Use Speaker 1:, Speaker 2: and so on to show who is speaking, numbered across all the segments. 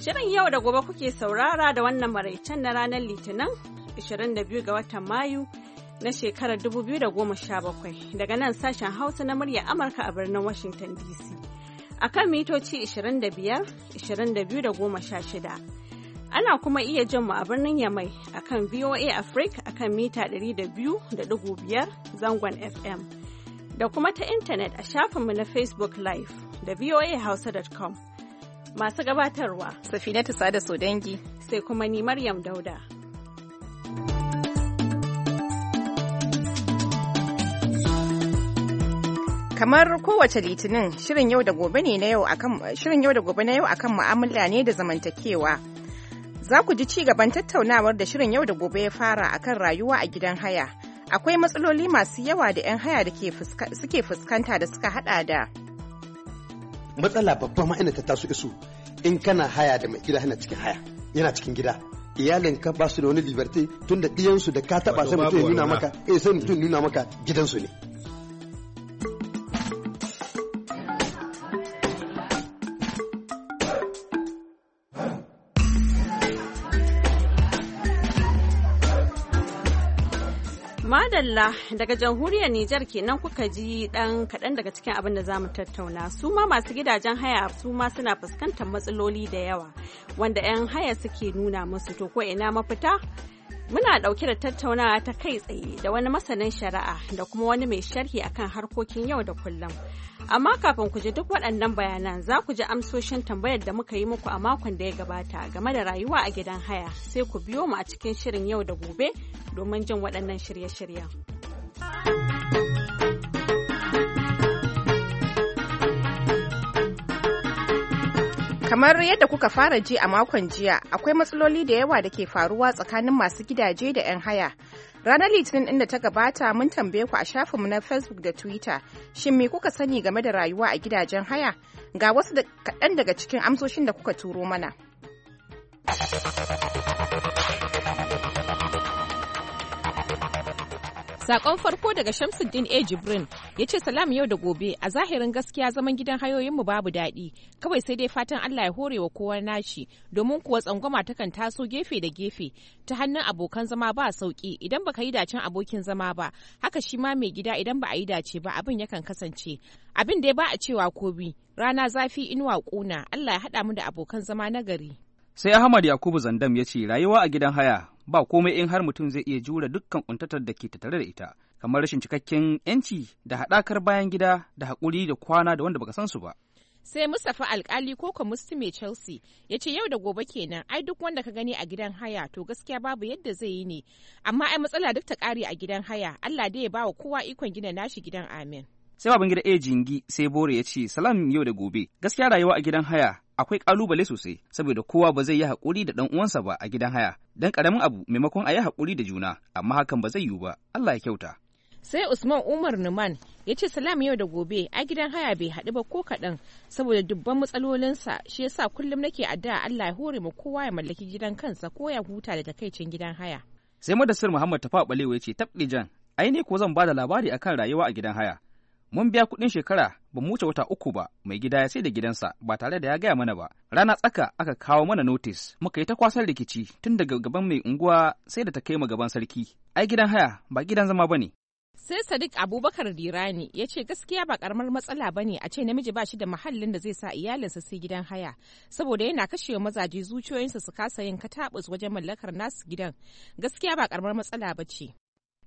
Speaker 1: Shirin yau da gobe kuke saurara da wannan maraicen na ranar Litinin 22 ga watan Mayu na shekarar 2017 daga nan sashen Hausa na murya Amurka a birnin Washington DC. A kan mitoci 25, 22 da goma sha shida Ana kuma iya jin mu a birnin Yamai a kan VOA Africa a kan mita 200.5 zangon FM. Da kuma ta intanet a shafinmu na Facebook Live da voahausa.com. Masu gabatarwa. Safinatu Sada dangi. Sai kuma ni Maryam Dauda.
Speaker 2: Kamar kowace litinin shirin yau da gobe ne na yau akan shirin yau da gobe na yau akan mu'amala ne da zamantakewa. Za ku ji ci gaban tattaunawar da shirin yau da gobe ya fara akan rayuwa a gidan haya. Akwai matsaloli masu yawa da 'yan haya da suke fuskanta da suka hada da
Speaker 3: matsala babba ma ina ta taso isu in kana haya da mai gida yana cikin haya yana cikin gida iyalinka ba su da wani liberty tunda ɗiyansu da ka taɓa sai mutum nuna maka eh sai mutum nuna maka gidansu ne
Speaker 1: madalla daga jamhuriyar Nijar kenan kuka ji dan kaɗan daga cikin abin da zamu tattauna su ma masu gidajen haya su ma suna fuskantar matsaloli da yawa wanda 'yan haya suke nuna musu to ko ina mafita Muna ɗauke da tattaunawa ta kai tsaye da wani masanin shari'a da kuma wani mai sharhi akan harkokin yau da kullum. Amma kafin ku ji duk waɗannan bayanan za ku ji amsoshin tambayar da muka yi muku a makon da ya gabata game da rayuwa a gidan haya sai ku biyo mu a cikin shirin yau da gobe domin jin waɗannan shirye-shiryen.
Speaker 2: Kamar yadda kuka fara ji a makon jiya, akwai matsaloli da yawa da ke faruwa tsakanin masu gidaje da 'yan haya. Ranar Litinin inda ta gabata mun tambaye ku a shafinmu na Facebook da Twitter, shin me kuka sani game da rayuwa a gidajen haya? Ga wasu kaɗan daga cikin amsoshin da kuka turo mana. Sakon farko daga Shamsuddin A. Jibrin ya ce salam yau da gobe a zahirin gaskiya zaman gidan hayoyinmu babu daɗi kawai sai dai fatan allah ya hore wa kowa nashi domin kuwa tsangwama takan taso gefe da gefe ta hannun abokan zama ba sauki idan baka yi dacen abokin zama ba haka shi ma mai gida idan ba a yi dace ba abin yakan kasance abin dai ba a cewa ko bi rana zafi inuwa kuna allah ya haɗa mu da abokan zama na gari
Speaker 4: sai ahmad yakubu zandam ya ce rayuwa a gidan haya ba komai in har mutum zai iya jure dukkan kuntatar da ke tattare da ita kamar rashin cikakken 'yanci da haɗakar bayan gida da haƙuri da kwana da wanda baka san su ba.
Speaker 2: sai Mustapha alkali ko kwamusti mai Chelsea ya ce yau da gobe kenan ai duk wanda ka gani a gidan haya to gaskiya babu yadda zai yi ne amma ai matsala duk ta kare a gidan haya Allah dai ya ba wa kowa ikon gina nashi gidan amin.
Speaker 4: Sai baban gida jingi sai Bore ya ce salam yau da gobe gaskiya rayuwa a gidan haya akwai kalubale sosai saboda kowa ba zai yi haƙuri da ɗan uwansa ba a gidan haya dan ƙaramin abu maimakon a yi haƙuri da juna amma hakan ba zai yiwu ba Allah ya kyauta.
Speaker 2: sai usman umar numan ya ce salam yau da gobe a gidan haya bai haɗu ba ko kaɗan saboda dubban matsalolinsa shi yasa kullum nake addu'a allah ya hore mu kowa ya mallaki gidan kansa ko ya huta da takaicin gidan haya
Speaker 4: sai madasir muhammad tafa balewa ya ce tabɗi jan ai ko zan ba da labari akan rayuwa a gidan haya mun biya kuɗin shekara ba mu wuce wata uku ba mai gida ya sai da gidansa ba tare da ya gaya mana ba rana tsaka aka kawo mana notis muka yi ta kwasan rikici tun daga gaban mai unguwa sai da ta kai ma gaban sarki ai gidan haya ba gidan zama ba ne.
Speaker 2: sai sadiq abubakar dirani ya ce gaskiya ba karamar matsala ba ne a ce namiji ba shi da mahallin da zai sa iyalinsa sai gidan haya saboda yana kashewa mazaje zuciyoyinsa su kasa yin kataɓus wajen mallakar nasu gidan gaskiya ba karamar matsala ba ce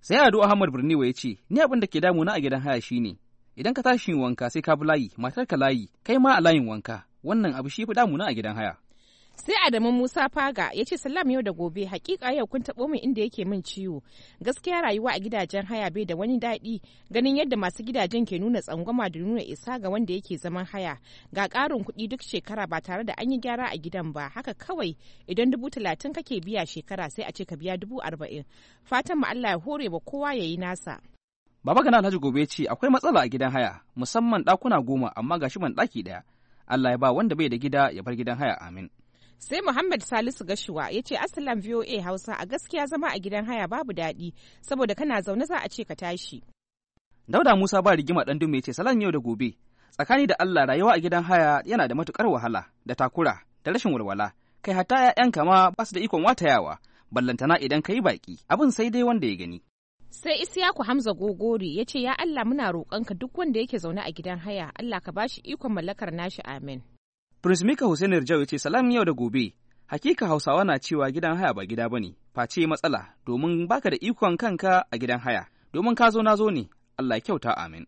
Speaker 2: sai
Speaker 4: ado ahmad birniwa ya ce ni abin da ke damuna a gidan haya shine idan ka tashi yin wanka sai ka bi layi matar ka layi kai ma a layin wanka wannan abu shi fi damuna a gidan haya
Speaker 2: sai adamu musa faga ya ce salam yau da gobe hakika yau kun taɓo min inda yake min ciwo gaskiya rayuwa a gidajen haya bai da wani daɗi ganin yadda masu gidajen ke nuna tsangwama da nuna isa ga wanda yake zaman haya ga ƙarin kuɗi duk shekara ba tare da an yi gyara a gidan ba haka kawai idan dubu talatin kake biya shekara sai a ce ka biya dubu arba'in fatan mu allah ya hore wa kowa ya yi nasa
Speaker 4: baba gana alhaji gobe ce akwai matsala a gidan haya musamman ɗakuna goma amma gashi ban ɗaki ɗaya allah ya ba wanda bai da gida ya bar gidan haya amin
Speaker 2: sai muhammad salisu gashuwa ya ce asalam voa hausa a gaskiya zama a gidan haya babu daɗi saboda kana zaune za a ce ka tashi
Speaker 4: dauda musa ba rigima dan dume ce salam yau da gobe tsakani da allah rayuwa a gidan haya yana da matukar wahala da takura da rashin walwala kai hatta yayan kama ba su da ikon watayawa ballantana idan ka yi baƙi abin sai dai wanda ya gani.
Speaker 2: Sai Isiyaku Hamza Gogori ya ce, Ya Allah muna roƙonka duk wanda yake zaune a gidan haya, Allah ka bashi ikon mallakar nashi amin.
Speaker 4: Prince Mika Hussein Rijau ya ce salam yau da gobe. Hakika Hausawa na cewa gidan haya ba gida bane, face matsala domin baka da ikon kanka a gidan haya. Domin ka zo na zo ne, Allah kyauta amin.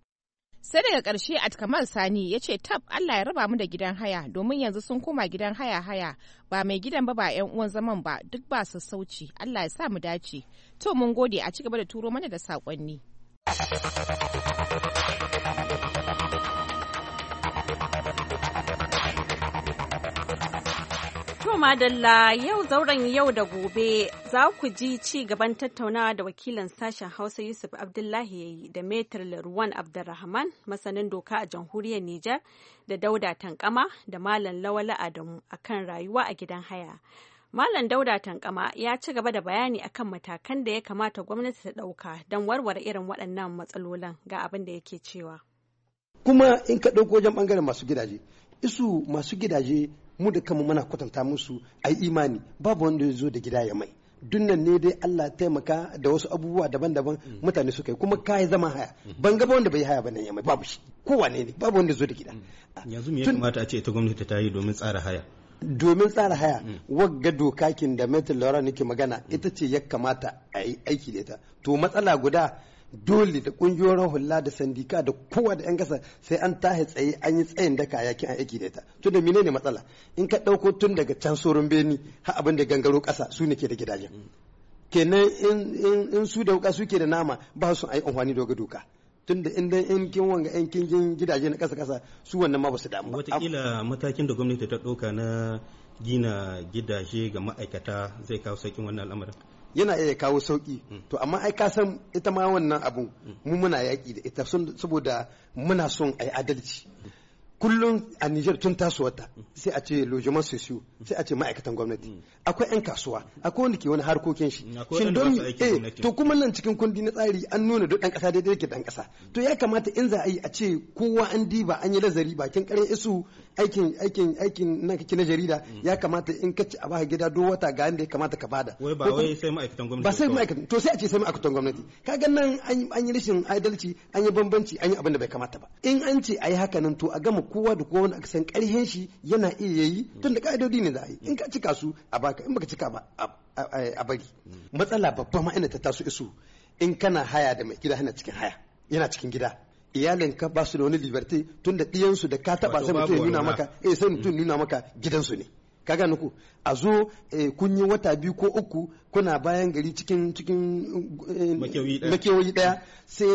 Speaker 2: Sai daga ƙarshe Atkamal Sani ya ce tab Allah ya raba mu da gidan haya domin yanzu sun koma gidan haya haya ba mai gidan ba ba 'yan uwan zaman ba duk ba sassauci Allah ya sa mu dace. To mun gode a ci gaba da turo mana da sakonni.
Speaker 1: To Madalla yau zauren yau da gobe za ku ji ci gaban tattaunawa da wakilan sashen Hausa Yusuf Abdullahi yayi da Metar ruwan Abdulrahman masanin doka a jamhuriyar Nijar da Dauda Tankama da Malam Lawala Adamu akan rayuwa a gidan haya. Malam Dauda Tankama ya ci gaba da bayani akan matakan da ya kamata gwamnati ta ɗauka don warware irin waɗannan matsalolin ga abin da yake cewa.
Speaker 3: Kuma in ka ɗauko wajen ɓangaren masu gidaje, isu masu gidaje mu da kanmu muna kwatanta musu a yi imani babu wanda ya zo da gida ya mai dunnan ne dai Allah taimaka da wasu abubuwa daban-daban mm. mutane suka yi kuma kai zama haya mm. ban gaba wanda bai haya ba nan ya mai babu shi kowane ne babu wanda zo da gida
Speaker 5: mm. yanzu me ya kamata a ce ita gwamnati ta yi domin tsara haya
Speaker 3: domin tsara haya wagga dokakin da Metal Laura nake magana ita ce ya kamata a yi aiki da ita to matsala guda dole da kungiyoyin hula da sandika da kowa da yan kasa sai an tahi tsaye an yi tsayin da kayakin aiki da ita to da menene matsala in ka dauko tun daga can sorun beni har abin da gangaro kasa su ne ke da gidajen kenan in su da wuka suke da nama ba su ai amfani da doka tun da in in kin wanga in kin gidaje na kasa kasa su wannan ma ba su damu
Speaker 5: matakin da gwamnati ta ɗauka na gina gidaje ga ma'aikata zai kawo saukin wannan al'amarin
Speaker 3: yana iya kawo sauki mm. to amma ai ka san ita ma wannan abu mm. mu muna yaƙi da ita saboda muna son ai adalci mm. kullum a Niger tun tasowarta sai a ce logement sosiyo sai a ce ma'aikatan gwamnati mm. akwai 'yan kasuwa akwai wanda ke wani harkokin shi mm, shin don eh to kuma nan cikin kundi na tsari an nuna duk dan kasa daidai yake dan kasa to ya kamata in za a yi a ce kowa an diba an yi nazari bakin kare isu aikin aikin aikin nan kake na jarida mm. ya kamata in ka ci a baka gida do wata ga inda ya kamata ka bada wai ba wai
Speaker 5: sai ma'aikatan gwamnati ba
Speaker 3: sai ma'aikatan to sai a ce sai ma'aikatan gwamnati kaga nan an yi rashin adalci an yi bambanci an yi abin da bai kamata ba in an ce a yi haka nan to a gama kowa da kowa wanda aka san karhin shi yana iya yi tun da ka'idodi ne za a yi in ka cika su a baka in baka cika ba a bari matsala babba ma ina ta taso isu in kana haya da mai gida yana cikin haya yana cikin gida ka ba su da wani liberty tun da ɗiyansu da ka taɓa sai mutum nuna maka eh sai mutum nuna maka gidansu ne ka gane ku a zo eh, kun yi wata biyu ko uku kuna bayan gari cikin cikin eh, makewayi daya sai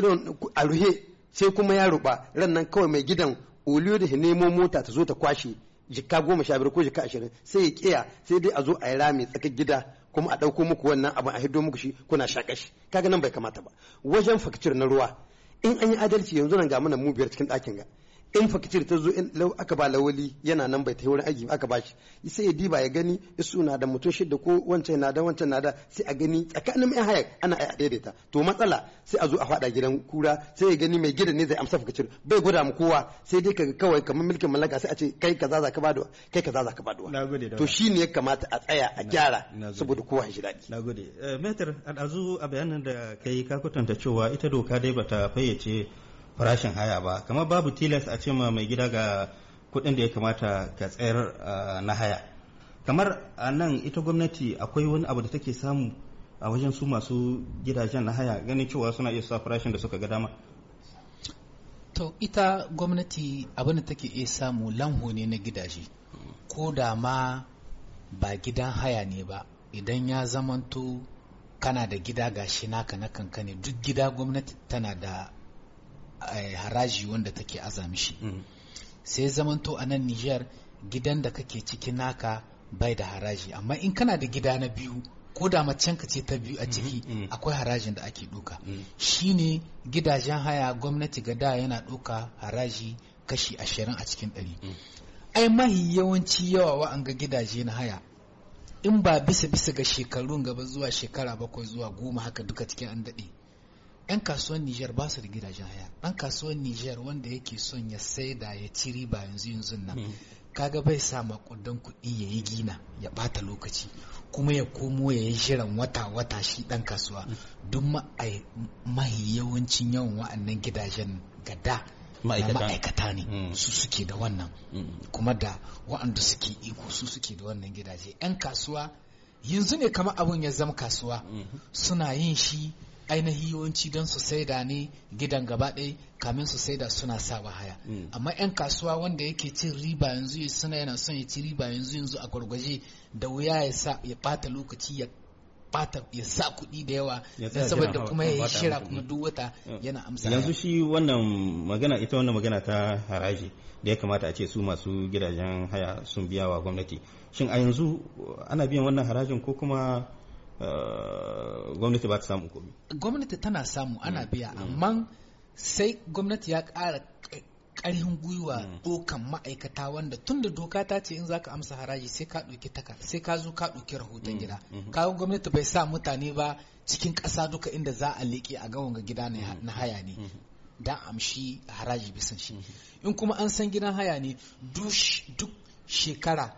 Speaker 3: a ruhe sai kuma ya ruba ran nan kawai mai gidan oliyo da nemo mota ta zo ta kwashe jika goma sha biyar ko jika ashirin sai ya kiya sai dai a zo a yi rami tsakar gida kuma a ɗauko muku wannan abin a hiddo muku shi kuna shaƙa shi kaga nan bai kamata ba wajen fakicir na ruwa in an yi adalci yanzu nan ga mana mu biyar cikin ɗakin ga in fakitir ta zo lau aka ba lawali yana nan bai ta wurin aiki aka ba shi sai ya diba ya gani isu na da mutum da ko wancan na da wancan na da sai a gani tsakanin mai hayar ana a daidaita to matsala sai a zo a fada gidan kura sai ya gani mai gidan ne zai amsa fakicir bai gwada mu kowa sai dai kaga kawai kamar mulkin mallaka sai a ce kai kaza za ka bada kai kaza za ka
Speaker 5: bada to shi
Speaker 3: ne ya kamata a tsaya a gyara saboda kowa ya shi daɗi nagode
Speaker 5: eh, metar al'azu a bayanin da kai ka kwatanta cewa ita doka dai bata fayyace farashin haya ba kamar babu tilas a ce ma mai gida ga kuɗin da ya kamata ka tsayar na haya kamar a nan ita gwamnati akwai wani abu da take samu a wajen su masu gidajen na haya ganin cewa suna iya sa farashin da suka ga dama
Speaker 6: to ita gwamnati abin da take iya samu lanho ne na gidaje ko da ma ba gidan haya ne ba idan ya zamanto kana da gida ga shi naka na kanka duk gida gwamnati tana da haraji wanda take azami shi mm. sai zamanto a nan Nijar gidan da kake ciki naka bai da haraji amma in kana da gida na biyu ko da macen ka ce ta biyu a mm-hmm, ciki mm. akwai harajin da ake duka mm. shine gidajen haya gwamnati ga da yana duka haraji kashi ashirin a cikin ɗari ai mahi yawanci yawa wa an ga gidaje na haya in ba bisa bisa ga shekarun gaba zuwa shekara bakwai zuwa goma haka duka cikin an daɗe 'yan kasuwan Nijar ba su da gidajen haya ɗan kasuwan Nijar wanda yake son ya saida ya ci riba yanzu yanzu nan hmm. kaga bai sa makudan kuɗi ya yi gina ya ɓata lokaci kuma ya komo ya yi shirin wata wata shi ɗan kasuwa hmm. duk mahi yawancin yawan wa'annan gidajen gada ma'aikata ne hmm. su suke da wannan kuma da wa'anda suke iko su suke da wannan gidaje 'yan kasuwa yanzu ne kama abun ya zama kasuwa suna yin shi ainihi yawanci don su saida ne gidan gaba ɗaya kamin su saida suna sa haya hmm. amma 'yan kasuwa wanda yake cin riba yanzu suna yana son ya ci riba yanzu yanzu a gwargwaje da wuya ya sa ya bata lokaci ya bata ya sa kuɗi da yawa don saboda kuma ya shira kuma duk wata hmm. yana amsa yanzu
Speaker 5: shi wannan magana ita wannan magana ta haraji da ya kamata a ce su masu gidajen haya sun biya wa gwamnati shin a yanzu ana biyan wannan harajin ko kuma Eh, gwamnati ba ta samu komi
Speaker 6: gwamnati tana samu ana mm, biya mm. amma sai gwamnati ya kara ƙarfin gwiwa dokan mm. ma'aikata wanda tun da doka ta ce in za ka amsa haraji sai ka ɗauki takar sai ka zo ka ɗauki rahoton gida mm-hmm. kawo gwamnati bai sa mutane ba cikin ƙasa duka inda za a leƙe a gawan ga gida na haya ne mm-hmm. da amshi haraji bisan shi mm-hmm. in kuma an san gidan haya ne duk shekara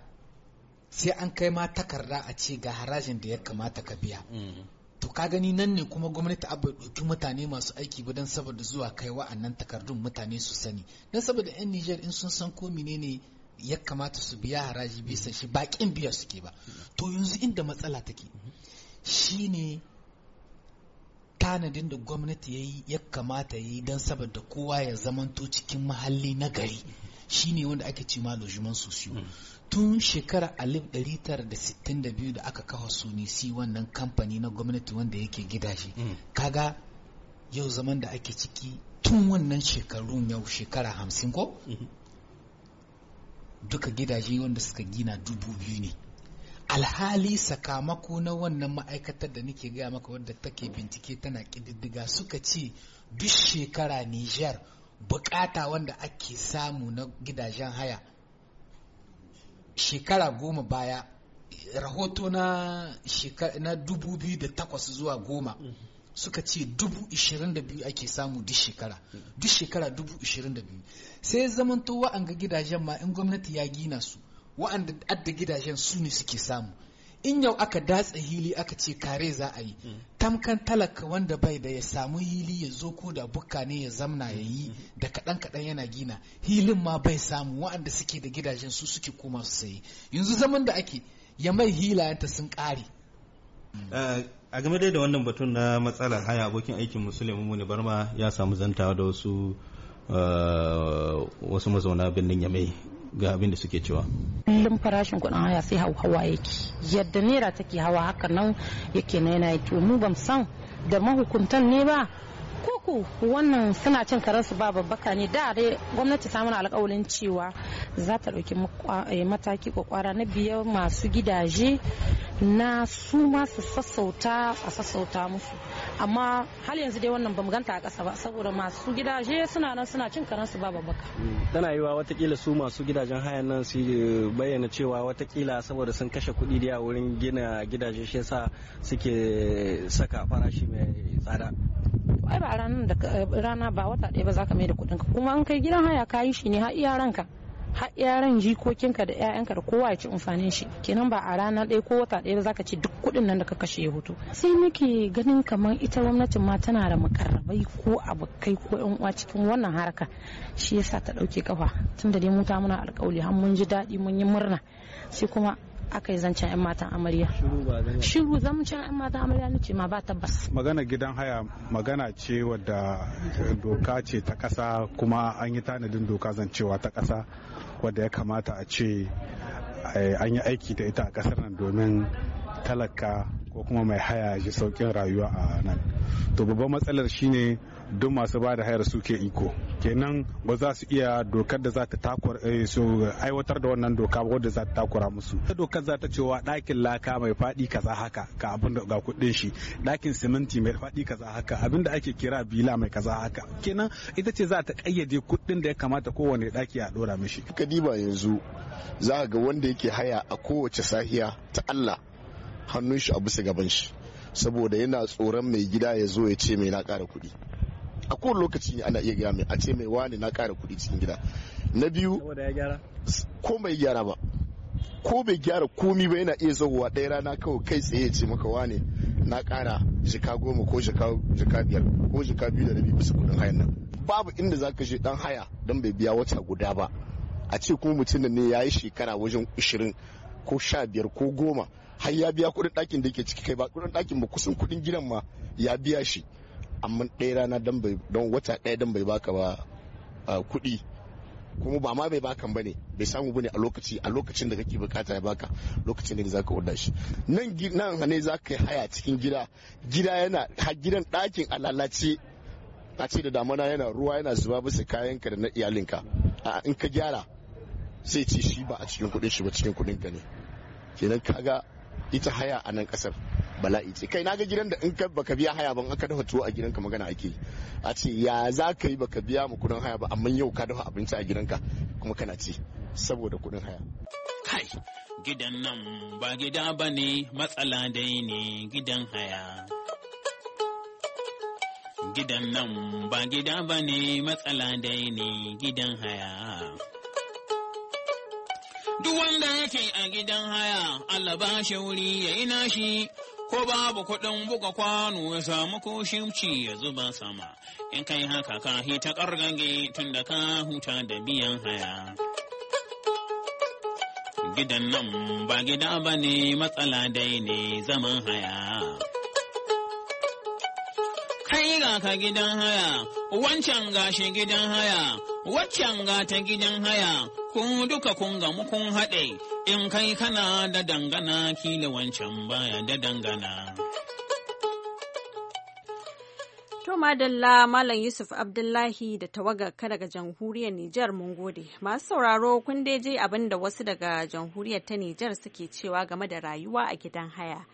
Speaker 6: sai an kai ma takarda a ce ga harajin da ya kamata ka biya mm-hmm. to ka gani nan ne kuma gwamnati abu bai ɗauki mutane masu aiki ba don saboda zuwa kai wa'annan takardun mutane su sani don saboda 'yan nijar in sun san ko ne ya kamata su biya haraji bisa shi baƙin biya suke ba mm-hmm. to yanzu inda matsala take mm-hmm. shi ne tanadin da gwamnati ya yi ya kamata ya yi don saboda kowa ya zamanto cikin mahalli na gari shine wanda ake ce ma lojiman sosiyo mm. tun shekara 1962 da aka kafa sunisi wannan kamfani na gwamnati wanda yake gidaje mm. kaga yau zaman da ake ciki tun wannan shekarun yau shekara hamsin ko mm-hmm. duka gidaje wanda suka gina dubu biyu ne alhali sakamako na wannan ma'aikatar da nake gaya maka wadda take bincike tana kididdiga suka ce duk shekara niger bukata wanda ake samu na gidajen haya shekara goma baya rahoto na dubu biyu da takwas zuwa goma suka ce dubu ishirin da biyu ake samu duk shekara duk shekara dubu ishirin da biyu sai zamanto wa'anga gidajen ma in gwamnati ya gina su wa'anda adda gidajen su ne suke samu in yau aka datsa hili aka ce kare za a yi mm. tamkan talaka wanda bai da ya samu hili ya zo ko da bukka ne ya zamna ya yi mm. da kaɗan kaɗan yana gina hilin ma bai samu waɗanda suke da gidajen su suke koma su sayi yanzu zaman da ake ya mai hilayenta sun ƙare
Speaker 5: mm. eh, a game dai da wannan batun na matsalar haya abokin aikin musulmi mu ne barma ya samu zantawa da wasu eh, wasu mazauna birnin yamai ga abin da suke cewa
Speaker 7: kullum farashin kuɗin haya sai hawa yake yadda naira take hawa haka nan yake na yana to mu ban san da mahukuntan ne ba koko wannan suna cin karansu ba babbaka ne da dai gwamnati ta mana cewa za ta ɗauki eh, mataki kwakwara na biyar masu gidaje na su masu sassauta a sassauta musu amma har yanzu dai wannan bamu ganta a ƙasa ba saboda masu gidaje suna nan suna cin su ba babbaka
Speaker 5: mm, tana yiwa watakila su masu gidajen haya nan su eh, bayyana cewa watakila saboda sun kashe kuɗi da wurin gina gidaje shi yasa suke saka farashi mai tsada
Speaker 7: ai ba ranar da eh, rana ba wata ɗaya ba za ka mai da kuɗinka kuma an kai gidan haya ka yi shi ne har iya ranka har yaran jikokinka da 'ya'yanka da kowa ya ci amfanin shi kenan ba a rana ɗaya ko wata ɗaya zaka ci duk kuɗin nan da ka kashe ya hutu sai muke ganin kamar ita gwamnatin ma tana da makarrabai ko abokai ko yan uwa cikin wannan harka shi yasa ta ɗauke kafa tun da dai mu ta muna alƙawli har mun ji daɗi mun yi murna sai kuma aka yi zancen 'yan matan amarya shiru zancen 'yan matan amarya ne ce ma ba tabbas
Speaker 5: magana gidan haya magana ce wadda doka ce ta ƙasa kuma an yi tanadin doka zancewa ta ƙasa wadda ya kamata a ce eh, an yi aiki da ita a kasar nan domin talaka ko kuma mai haya ji sauƙin rayuwa a nan to babban matsalar shine duk masu ba da hayar suke iko kenan ba za su iya dokar da za ta takwar eh, su aiwatar da wannan doka ba wadda za ta takura musu ta dokar za ta cewa dakin laka mai faɗi kaza haka ka abin ga kuɗin shi dakin siminti mai faɗi kaza haka abin da ake kira
Speaker 8: bila mai kaza haka kenan ita ce za ta ƙayyade kuɗin da ya kamata kowane ɗaki a ɗora mishi kadiba yanzu za ga wanda yake haya a kowace sahiya ta Allah hannun shi a bisa gaban shi saboda yana tsoron mai gida ya zo ya ce mai na kara kuɗi a kowane lokaci ana iya gaya mai a ce mai wani na ƙara kuɗi cikin gida na biyu ko mai gyara ba ko bai gyara komi ba yana iya zagowa ɗaya rana kawai kai tsaye ce maka wane na ƙara jika goma ko jika biyar ko jika biyu da rabi bisa kuɗin hayan nan babu inda za ka je ɗan haya don bai biya wata guda ba a ce kuma mutum da ne ya yi shekara wajen ishirin ko sha biyar ko goma har ya biya kuɗin ɗakin da ke ciki kai ba kuɗin ɗakin ba kusan kuɗin gidan ma ya biya shi amma ɗaya rana don bai don wata ɗaya don bai baka ba kuɗi kuma ba ma bai baka ba ne bai samu bane a lokaci a lokacin da kake bukata ya baka lokacin da zaka oda shi nan nan za zaka yi haya cikin gida gida yana gidan ɗakin alalace a ce da damana yana ruwa yana zuba bisa kayanka da na iyalinka a in ka gyara sai ce shi ba a cikin kuɗin shi ba cikin kuɗin ka ne kenan kaga ita haya a nan ƙasar bala'i ce kai naga gidan da in ka baka biya haya ban aka dafa tuwo a ka magana ake a ce ya za ka yi baka biya mu kudin haya ba amma yau ka dafa abinci a gidanka kuma kana ci saboda kudin haya
Speaker 4: kai gidan nan ba gida ba ne matsala dai ne gidan haya gidan nan ba gida ba ne matsala dai ne gidan haya Duk wanda yake a gidan haya, Allah ba shi wuri ya yi nashi, ko babu kuɗin buga kwano ya samu ko shimci ya zuba sama in kai haka ka hita ƙargange tun da ka huta da biyan haya. Gidan nan ba gida ba ne matsala dai
Speaker 9: ne zaman haya.
Speaker 4: Kai ga ka gidan haya, wancan gashi gidan haya, waccan ga ta gidan haya, kun duka kun gamu kun haɗe. In kai kana da dangana kila wancan baya da dangana.
Speaker 1: To madalla Malam Yusuf Abdullahi da ka daga jamhuriyar Nijar mun gode. Masu sauraro kun dai je abin wasu daga jamhuriyar ta Nijar suke cewa game da rayuwa a gidan haya.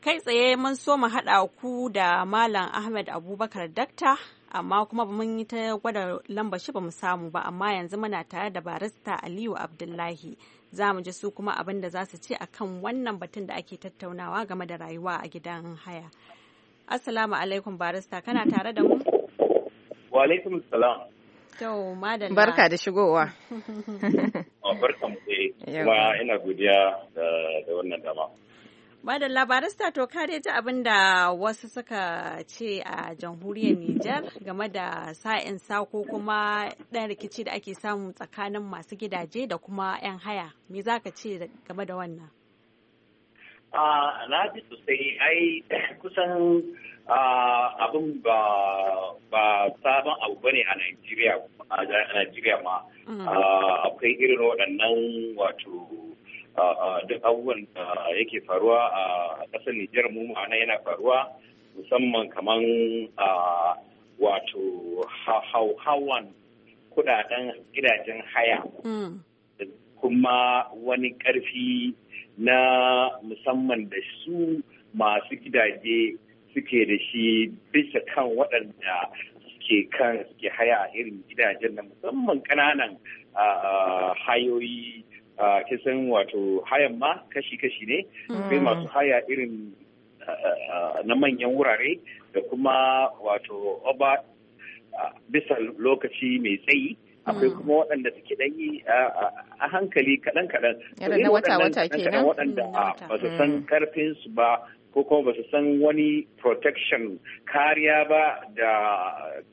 Speaker 1: Kai tsaye mun so mu haɗa ku da Malam Ahmed Abubakar Dakta, amma kuma ba mun yi ta gwada lamba shi ba mu samu ba, amma yanzu muna tare da barista Aliyu Abdullahi za mu ji su kuma abin da za su ce a kan wannan batun da ake tattaunawa game da rayuwa a gidan haya. Assalamu alaikum barista kana tare da mu?
Speaker 9: Wa alaikum salam.
Speaker 1: Yau madalla. Barka da shigowa.
Speaker 9: Ah, barka mu kuma ina godiya da wannan dama.
Speaker 1: Ba da labarista to kare ta abin da wasu suka ce a jamhuriyar Nijar game da sa'in ko kuma ɗan rikici da ake samu tsakanin masu gidaje da kuma 'yan haya. Me za ka ce game da wannan?
Speaker 9: Na ji sosai ai kusan abin ba sabon abu bane a Najeriya ma mm. akwai irin waɗannan wato duk abubuwan da yake faruwa a ƙasar Nijar mu ma'ana yana faruwa musamman kaman wato hauhawan kudaden gidajen haya mm. kuma wani ƙarfi na musamman da su masu gidaje suke da shi bisa kan waɗanda suke kan suke haya irin gidajen da musamman ƙananan hayoyi kisan wato hayan ma kashi-kashi ne mm. akwai masu haya irin na manyan wurare da kuma wato oba bisa lokaci mai tsayi akwai mm. kuma waɗanda suke ɗan yi a hankali kaɗan-kaɗan. Irin na wata-wata kenan. Waɗanda mm, ba su san karfin su ba ko kuma ba su san wani protection kariya ba da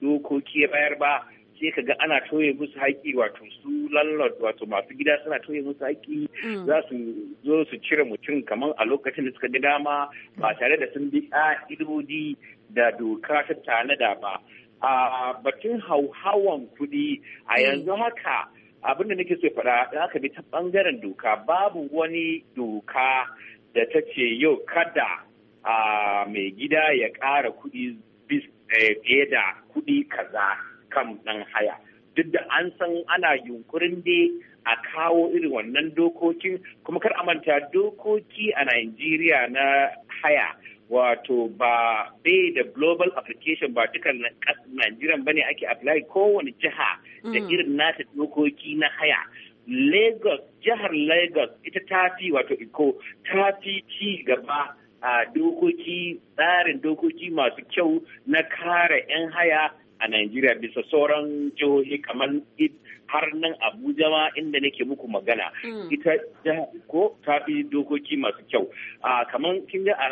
Speaker 9: dokoki bayar ba sai ka ga ana toye musu haƙƙi wato su landlord wato masu gida suna toye musu haƙƙi mm. za su zo su cire mutum kamar a lokacin da suka ga dama ba tare da sun bi ƙa'idodi da doka ta da ba a batun hauhawan kuɗi a mm. yanzu haka abin da nake so faɗa da aka bi ta ɓangaren doka babu wani doka da ta ce yau kada a mai gida ya ƙara kuɗi eh, fiye da kuɗi kaza kan ɗan haya duk da an san ana yunkurin dai a kawo irin wannan dokokin kuma kar a manta dokoki a Najeriya na haya wato ba bai da global application ba dukan Najeriya ne ake apply kowane jiha da mm. irin nata dokoki na haya Lagos jihar Lagos ita ta fi wato iko ta fi ci gaba a dokoki tsarin dokoki masu kyau na kare 'yan haya a Najeriya bisa sauran jihohi kamar har nan Abuja ma inda nake muku magana hmm. ita ko ta fi dokoki masu kyau kamar kin ga a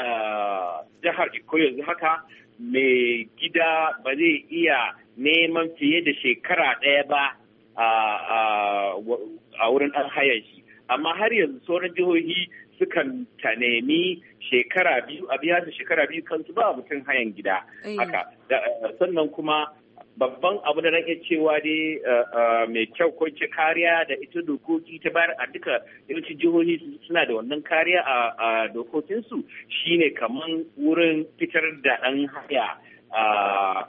Speaker 9: jihar Iko yanzu haka mai gida ba zai iya neman fiye da shekara ɗaya ba a wurin ɗan shi amma har yanzu sauran jihohi sukan ta nemi shekara biyu a biya da shekara biyu kansu ba mutum hayan gida haka eh, sannan kuma babban abu da nake cewa dai eh, eh, mai kyau ko ce kariya da ita dokoki ta bayar a duka yawanci jihohi suna da wannan kariya a dokokinsu shine kaman wurin fitar da ɗan haya ah,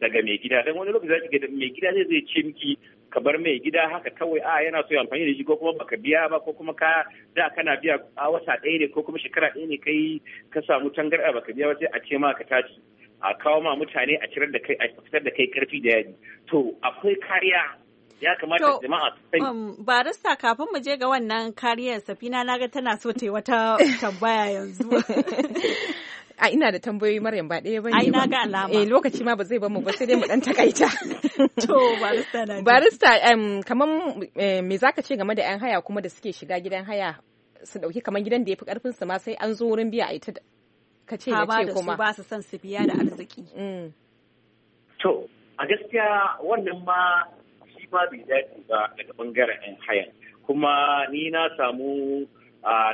Speaker 9: daga mai gida don wani lokaci zaki ga mai gida zai zai ce miki ka bar mai gida haka kawai a yana so ya amfani da shi ko kuma baka biya ba ko kuma ka da kana biya a wata ɗaya ne ko kuma shekara ɗaya ne kai ka samu tangarɗa baka biya ba sai a ce ma ka tashi a kawo ma mutane a cirar da kai a fitar da kai karfi da yaji to akwai kariya ya kamata jama'a su sani um,
Speaker 1: barista kafin mu je ga wannan kariyar safina naga tana so ta yi wata tambaya
Speaker 2: yanzu a ina da tambayoyi Maryam ba ɗaya bane ai na ga alama eh lokaci ma ba zai mu ba sai dai mu dan takaita to barista na barista um, kaman eh, me zaka ce game da yan haya kuma da suke shiga gidan haya su dauki kaman gidan da yafi karfin su ma sai an zo wurin biya a ita ka ce ya ce kuma ba su son su biya da arziki mm.
Speaker 9: to a gaskiya wannan ma shi ba bai dace ba daga bangaren yan hayan kuma ni na samu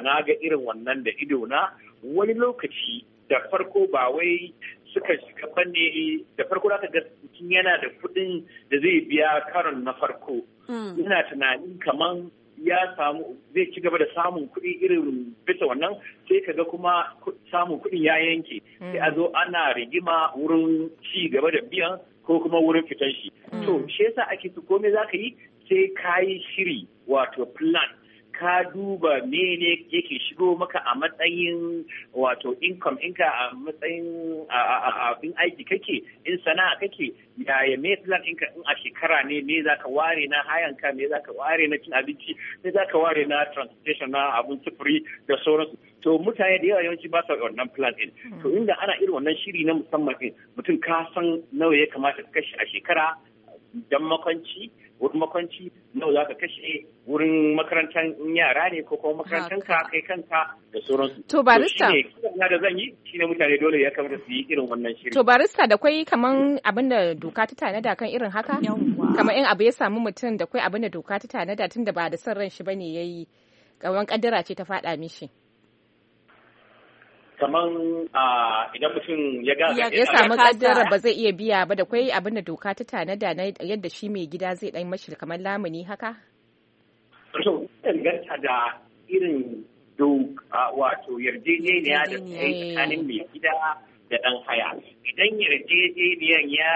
Speaker 9: na ga irin wannan da ido na wani lokaci da farko ba wai suka shiga bane da farko da ga mutum yana da kuɗin da zai biya karon na farko yana hmm. tunani kaman ya samu zai ci gaba da samun kuɗi irin bisa wannan sai ka ga kuma samun kuɗin ya yanke sai a hmm. zo ana rigima wurin ci gaba da biyan ko kuma wurin fitan shi hmm. to shi yasa ake su komai zaka yi sai ka yi shiri wato plan ka duba mene yake shigo maka a matsayin wato income inka a matsayin abin aiki kake in sana'a kake yaya me plan inka in a shekara ne me za ka ware na hayan ka me za ka ware na cin abinci me za ka ware na transportation na abin sufuri da sauransu to mutane da yawa yawanci ba su wannan plan ɗin to hmm. inda ana irin wannan shiri na musamman mutum ka san nawa ya kamata ka kashe a shekara don makwanci wurin makwanci nawa za ka kashe wurin makarantar yara ne ko kuma makarantar ka kai kanka da sauransu. To barista. To shine da zan yi shine mutane dole ya kamata su yi irin wannan shiri. To
Speaker 2: barista da kwai kaman abin da doka ta tanada kan irin haka? Kamar in abu ya samu mutum da kwai abin da doka ta tanada tun da ba da son ran shi bane yayi. Kaman kaddara ce ta faɗa mishi.
Speaker 9: kaman idan mutum ya gaza ya samu kaddara ba zai iya
Speaker 2: biya ba da kwai abin da doka ta tanada na yadda shi mai gida zai dan mashi kamar lamuni haka
Speaker 9: to danganta da irin wato yarjejeniya da tsakanin mai gida da dan haya idan yarjejeniyan ya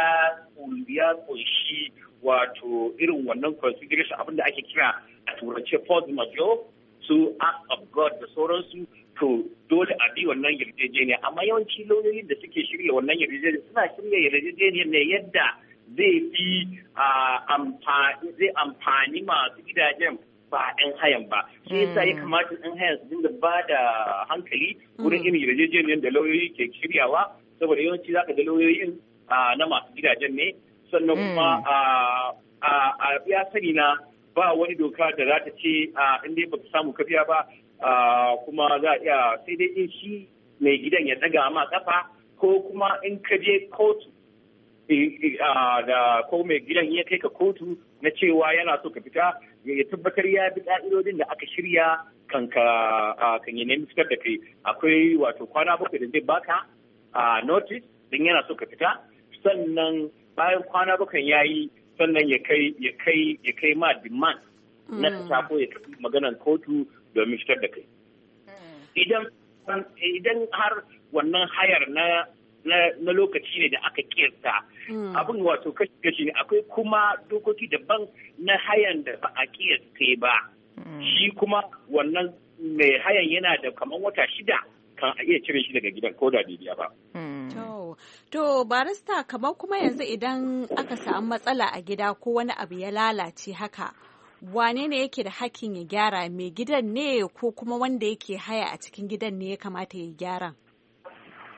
Speaker 9: ya kunshi wato irin wannan consideration abin da ake kira a turance force majeure su act of god da sauransu to dole a bi wannan yarjejeniya amma yawanci lauyoyin da suke shirya wannan yarjejeniya suna shirya yarjejeniya ne yadda zai fi zai amfani masu gidajen ba ɗan hayan ba shi yasa ya mm. kamata ɗan hayan su dinga ba da hankali mm. wurin irin yarjejeniyar da lauyoyi ke shiryawa saboda yawanci zaka ga lauyoyin na masu gidajen ne sannan kuma mm. a ya sani na ba wani doka da za ta ce in dai baka samu kafiya ba kuma za a iya sai dai in shi mai gidan ya daga ma kafa ko kuma in ka je kotu eh, eh, da ko mai gidan ya kai ka kotu na cewa yana so ka fita ya tabbatar ya bi ka'idodin da aka shirya kan yi nemi fitar da kai akwai wato kwana bakwai da zai baka a notice din yana so ka fita sannan bayan kwana bakwai ya yi sannan ya kai ya kai ma demand na mm. ta ko ya kotu domin fitar da kai hmm. idan har wannan hayar na lokaci ne da aka kirta hmm. abin wato kashi kashi ne akwai kuma dokoki daban na hayan da ba a kirta ba hmm. shi kuma wannan mai hayan yana da kamar wata shida kan a iya cire shi daga gidan ko da bibiya ba
Speaker 1: To barista kamar kuma yanzu idan aka samu matsala a gida ko wani abu ya lalace haka wane ne yake da hakkin ya gyara mai gidan ne ko kuma wanda yake haya a cikin gidan ne ya kamata
Speaker 9: ya gyara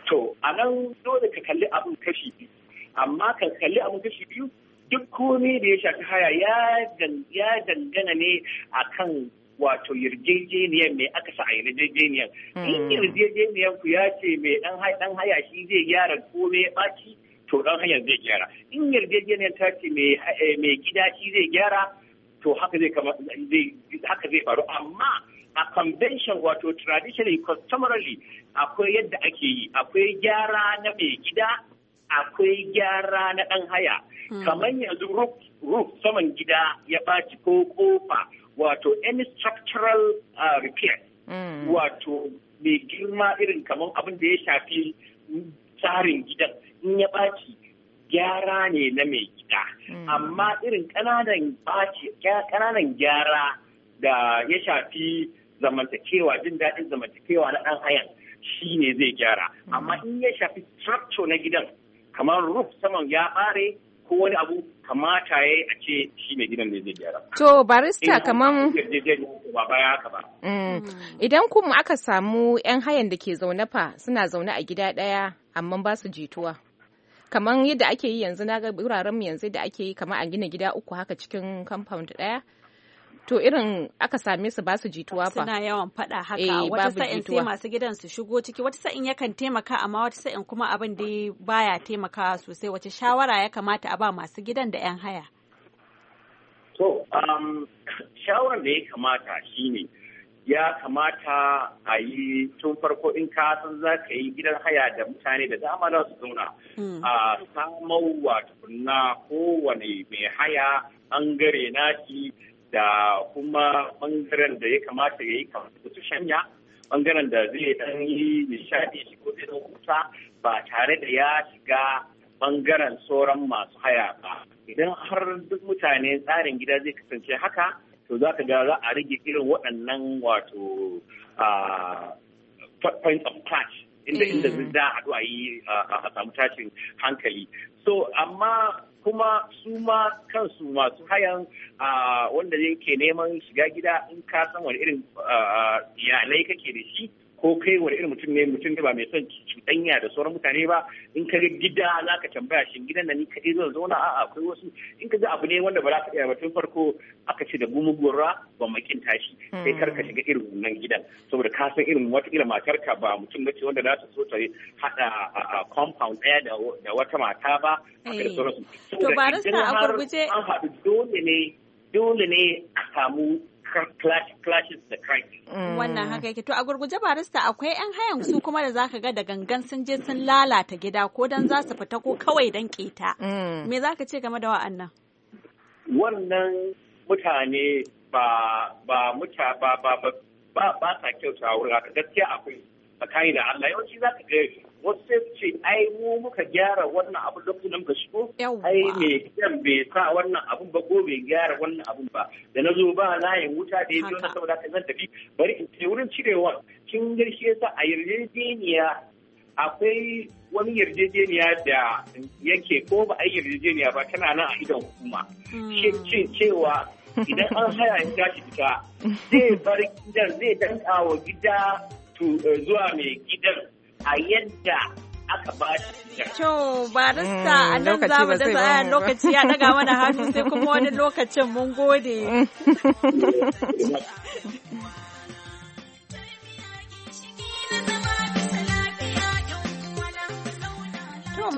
Speaker 9: to a nan dole ka kalli abin kashi biyu amma ka kalli abin kashi biyu duk komai da ya shafi haya ya dangana ne kan wato yarjejeniyar mai aka sa a yarjejeniyar hmm. in yarjejeniyar ku ya ce mai dan haya shi zai gyara komai ya ɓaci to dan hanyar zai gyara in yarjejeniyar ta ce mai eh, gida shi zai gyara to haka zai kama zai faru amma a convention wato traditionally customarily akwai yadda ake yi akwai gyara na mai gida akwai gyara na ɗan haya hmm. kamar yanzu roof saman gida ya baci ko kofa wato any structural uh, repair hmm. wato mai girma irin kamar abin da ya shafi tsarin gidan in ya ɓaci gyara ne na mai gida hmm. amma irin ƙananan kananan gyara da ya shafi zamantakewa jin daɗin zamantakewa na ɗan hayan shi ne zai gyara hmm. amma in ya shafi tractor na gidan kamar roof saman ya ɓare ko wani abu kamata ya a ce shi mai gidan ne zai gyara. To barista kamar
Speaker 2: hmm. idan kuma aka samu 'yan hayan da ke zaune fa suna zaune a gida ɗaya amma ba su jituwa. kamar yadda ake yi yanzu na ga wuraren mu yanzu da ake yi kamar a gina gida uku haka cikin compound ɗaya to irin aka same su ba su jituwa fa suna yawan fada haka eh, wata sa'in sai masu gidan su shigo
Speaker 1: ciki wata sa'in yakan taimaka amma wata sa'in kuma abin da baya taimakawa sosai wace shawara ya kamata a ba masu gidan da yan haya
Speaker 9: to um, da ya kamata shine ya kamata a yi tun farko in ka san za ka yi gidan haya da mutane da dama za su zauna hmm. a samau wa tukunna kowane mai haya bangare shi. da kuma bangaren da ya kamata ya yi kamar su shanya bangaren da zai dan yi nishadi shi ko zai kusa ba tare da ya shiga bangaren sauran masu haya ba idan har duk mutane tsarin gida zai kasance haka to za ka ga za a rage irin waɗannan wato point of clash inda mm. inda za a yi a samu tashin hankali so amma kuma su ma kansu masu hayan wanda yake neman shiga gida in ka san wani irin iyalai kake da shi ko kai wani irin mutum ne mutum ne ba mai son cuɗanya da sauran mutane ba in ka ga gida za ka tambaya shin gidan nan ni kaɗai zan zauna a akwai wasu in ka ga abu ne wanda ba za ka iya ba tun farko aka ce da gumugura ba makin tashi sai kar ka shiga irin wannan gidan saboda ka san irin wata ila ka ba mutum ne wanda za ta so ta haɗa compound daya da wata mata ba haka da eh. sauransu. To a gurguje. dole ne dole ne a samu clashes the crime. Mm. Wannan haka
Speaker 1: yake. To a gurguje barista akwai 'yan hayan su kuma da zaka ga da gangan sun je sun lalata gida ko dan za su fita ko kawai dan keta. Mm. Me zaka ce game da wa'annan?
Speaker 9: Wannan mutane ba ba muta ba ba ba ba sa kyautawa gaskiya akwai tsakani da Allah yawanci za ka ga wasu sai su ce ai mu muka gyara wannan abu da da ka shigo ai me kyan bai sa wannan abun ba ko bai gyara wannan abun ba da na zo ba na wuta da ya biyo na saboda ka zan tafi bari in ce wurin cirewa kin garshe yasa a yarjejeniya akwai wani yarjejeniya da yake ko ba a yarjejeniya ba tana nan a idon hukuma cin hmm. cewa idan an haya ya tashi fita zai bar gidan zai danka wa gida Eh, zuwa mai gidan a yadda aka ba shi
Speaker 1: To barista hmm, a nan za mu da tsaya lokaci ya daga mana hannu sai kuma wani lokacin mun gode. Hmm.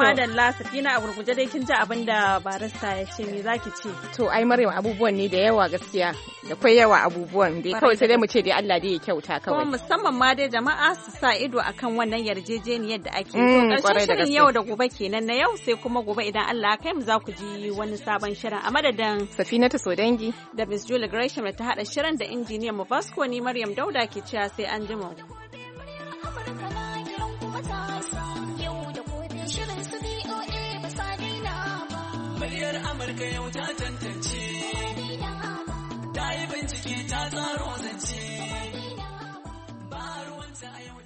Speaker 1: lasa safina a gurguje dai kin ji abin da
Speaker 2: barista ya
Speaker 1: ce me zaki ce
Speaker 2: to ai maryam abubuwan ne da yawa gaskiya da kwai yawa abubuwan dai kawai sai dai mu ce dai Allah dai ya kyauta kawai kuma
Speaker 1: musamman ma dai jama'a su sa ido akan wannan yarjejeniyar da ake mm, to karshen shirin yau da gobe kenan na yau sai kuma gobe idan Allah kai mu za ku ji wani sabon shirin a madadin safina ta sodangi da miss julie gresham da ta hada shirin da injiniyan mu vasco ni maryam dauda ke cewa sai an jima
Speaker 4: ga yau ta tantance ta yi bincike ta tsaro zance ba ruwanta a yau